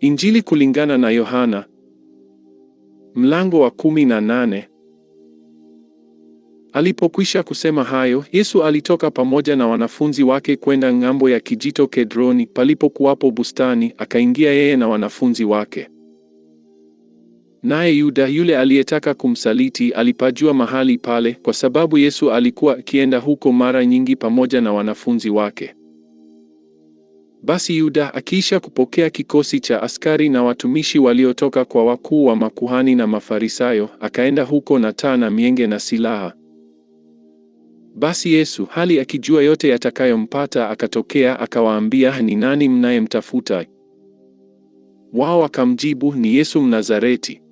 Injili kulingana na Yohana mlango wa kumi na nane. Alipokwisha kusema hayo, Yesu alitoka pamoja na wanafunzi wake kwenda ng'ambo ya kijito Kedroni palipokuwapo bustani, akaingia yeye na wanafunzi wake. Naye Yuda yule aliyetaka kumsaliti alipajua mahali pale, kwa sababu Yesu alikuwa akienda huko mara nyingi pamoja na wanafunzi wake. Basi Yuda akiisha kupokea kikosi cha askari na watumishi waliotoka kwa wakuu wa makuhani na Mafarisayo, akaenda huko na taa na mienge na silaha. Basi Yesu hali akijua yote yatakayompata, akatokea akawaambia, ni nani mnayemtafuta? Wao akamjibu, ni Yesu Mnazareti.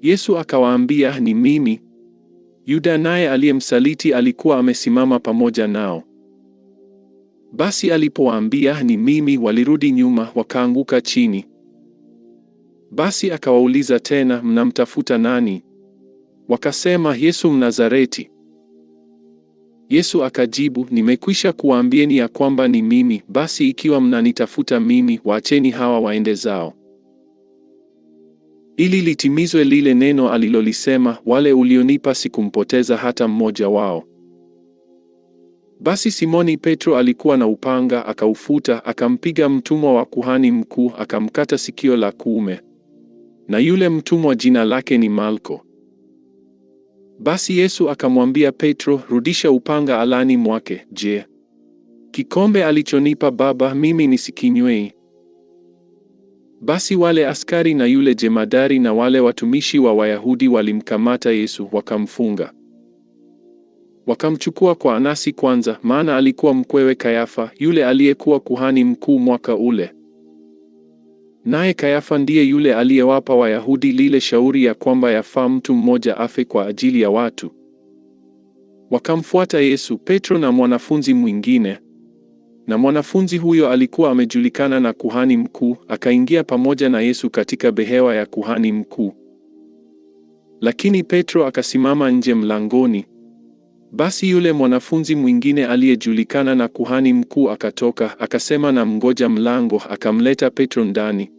Yesu akawaambia, ni mimi. Yuda naye aliyemsaliti alikuwa amesimama pamoja nao. Basi alipowaambia ni mimi, walirudi nyuma wakaanguka chini. Basi akawauliza tena, mnamtafuta nani? Wakasema, Yesu Mnazareti. Yesu akajibu, nimekwisha kuwaambieni ya kwamba ni mimi. Basi ikiwa mnanitafuta mimi, waacheni hawa waende zao, ili litimizwe lile neno alilolisema, wale ulionipa sikumpoteza hata mmoja wao. Basi Simoni Petro alikuwa na upanga, akaufuta, akampiga mtumwa wa kuhani mkuu, akamkata sikio la kuume, na yule mtumwa jina lake ni Malko. Basi Yesu akamwambia Petro, rudisha upanga alani mwake. Je, kikombe alichonipa Baba mimi nisikinywei? Basi wale askari na yule jemadari na wale watumishi wa Wayahudi walimkamata Yesu wakamfunga. Wakamchukua kwa Anasi kwanza, maana alikuwa mkwewe Kayafa, yule aliyekuwa kuhani mkuu mwaka ule. Naye Kayafa ndiye yule aliyewapa Wayahudi lile shauri ya kwamba yafaa mtu mmoja afe kwa ajili ya watu. Wakamfuata Yesu, Petro na mwanafunzi mwingine. Na mwanafunzi huyo alikuwa amejulikana na kuhani mkuu, akaingia pamoja na Yesu katika behewa ya kuhani mkuu. Lakini Petro akasimama nje mlangoni. Basi yule mwanafunzi mwingine aliyejulikana na kuhani mkuu akatoka, akasema na mngoja mlango, akamleta Petro ndani.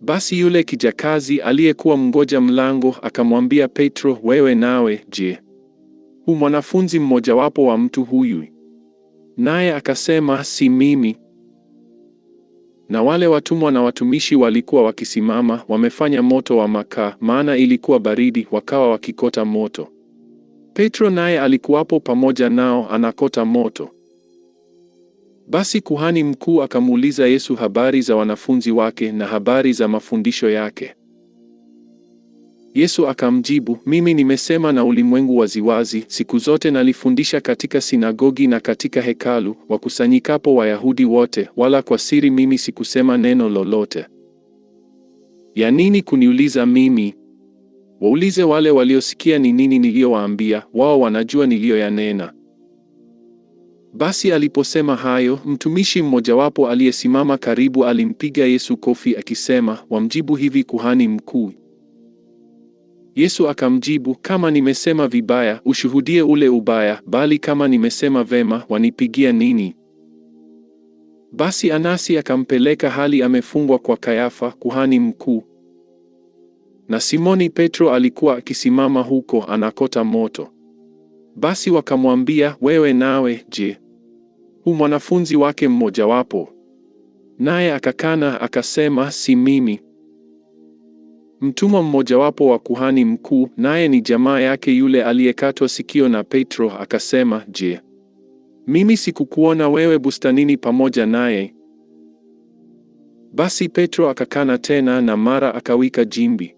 Basi yule kijakazi aliyekuwa mngoja mlango akamwambia Petro, wewe nawe je, hu mwanafunzi mmojawapo wa mtu huyu? Naye akasema si mimi. Na wale watumwa na watumishi walikuwa wakisimama, wamefanya moto wa makaa, maana ilikuwa baridi, wakawa wakikota moto. Petro naye alikuwapo pamoja nao, anakota moto. Basi kuhani mkuu akamuuliza Yesu habari za wanafunzi wake na habari za mafundisho yake. Yesu akamjibu, mimi nimesema na ulimwengu waziwazi, siku zote nalifundisha katika sinagogi na katika hekalu, wakusanyikapo Wayahudi wote, wala kwa siri mimi sikusema neno lolote. Ya nini kuniuliza mimi? Waulize wale waliosikia ni nini niliyowaambia, wao wanajua niliyoyanena. Basi aliposema hayo, mtumishi mmojawapo aliyesimama karibu alimpiga Yesu kofi akisema, wamjibu hivi kuhani mkuu? Yesu akamjibu, kama nimesema vibaya, ushuhudie ule ubaya, bali kama nimesema vema, wanipigia nini? Basi Anasi akampeleka hali amefungwa kwa Kayafa, kuhani mkuu na Simoni Petro alikuwa akisimama huko anakota moto. Basi wakamwambia, wewe nawe je, hu mwanafunzi wake mmojawapo? Naye akakana akasema, si mimi. Mtumwa mmojawapo wa kuhani mkuu, naye ni jamaa yake yule aliyekatwa sikio na Petro, akasema, je, mimi sikukuona wewe bustanini pamoja naye? Basi Petro akakana tena, na mara akawika jimbi.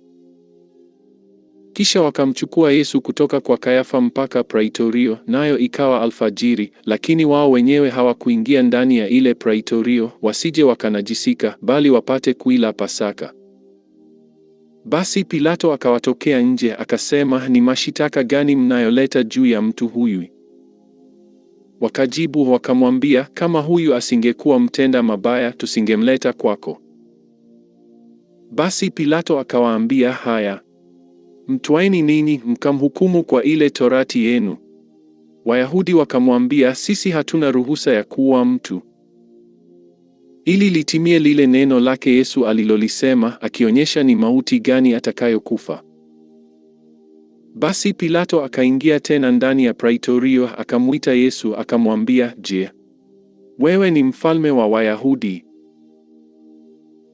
Kisha wakamchukua Yesu kutoka kwa Kayafa mpaka Praitorio, nayo ikawa alfajiri. Lakini wao wenyewe hawakuingia ndani ya ile Praitorio, wasije wakanajisika, bali wapate kuila Pasaka. Basi Pilato akawatokea nje, akasema, ni mashitaka gani mnayoleta juu ya mtu huyu? Wakajibu wakamwambia, kama huyu asingekuwa mtenda mabaya, tusingemleta kwako. Basi Pilato akawaambia, haya Mtwaeni ninyi mkamhukumu kwa ile torati yenu? Wayahudi wakamwambia, sisi hatuna ruhusa ya kuua mtu. Ili litimie lile neno lake Yesu alilolisema, akionyesha ni mauti gani atakayokufa. Basi Pilato akaingia tena ndani ya praitorio, akamwita Yesu akamwambia, Je, wewe ni mfalme wa Wayahudi?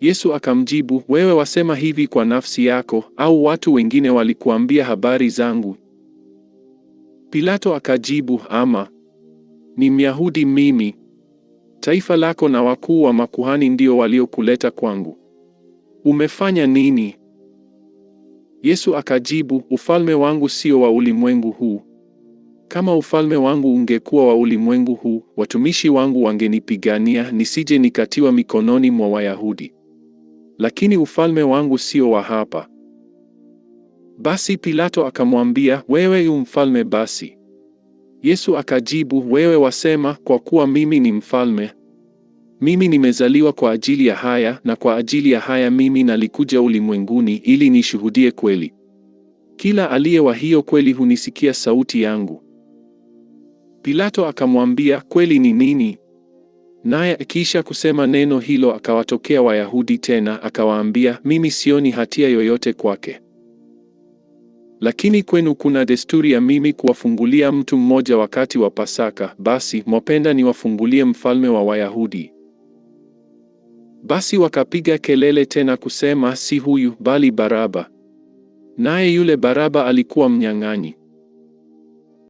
Yesu akamjibu, wewe wasema hivi kwa nafsi yako, au watu wengine walikuambia habari zangu? Pilato akajibu, ama ni Myahudi mimi? Taifa lako na wakuu wa makuhani ndio waliokuleta kwangu. Umefanya nini? Yesu akajibu, ufalme wangu sio wa ulimwengu huu. Kama ufalme wangu ungekuwa wa ulimwengu huu, watumishi wangu wangenipigania nisije nikatiwa mikononi mwa Wayahudi lakini ufalme wangu sio wa hapa. Basi Pilato akamwambia, wewe yu mfalme basi? Yesu akajibu, wewe wasema, kwa kuwa mimi ni mfalme. Mimi nimezaliwa kwa ajili ya haya, na kwa ajili ya haya mimi nalikuja ulimwenguni, ili nishuhudie kweli. Kila aliye wa hiyo kweli hunisikia sauti yangu. Pilato akamwambia, kweli ni nini? Naye akiisha kusema neno hilo akawatokea Wayahudi tena akawaambia, mimi sioni hatia yoyote kwake. Lakini kwenu kuna desturi ya mimi kuwafungulia mtu mmoja wakati wa Pasaka, basi mwapenda niwafungulie mfalme wa Wayahudi? Basi wakapiga kelele tena kusema, si huyu, bali Baraba. Naye yule Baraba alikuwa mnyang'anyi.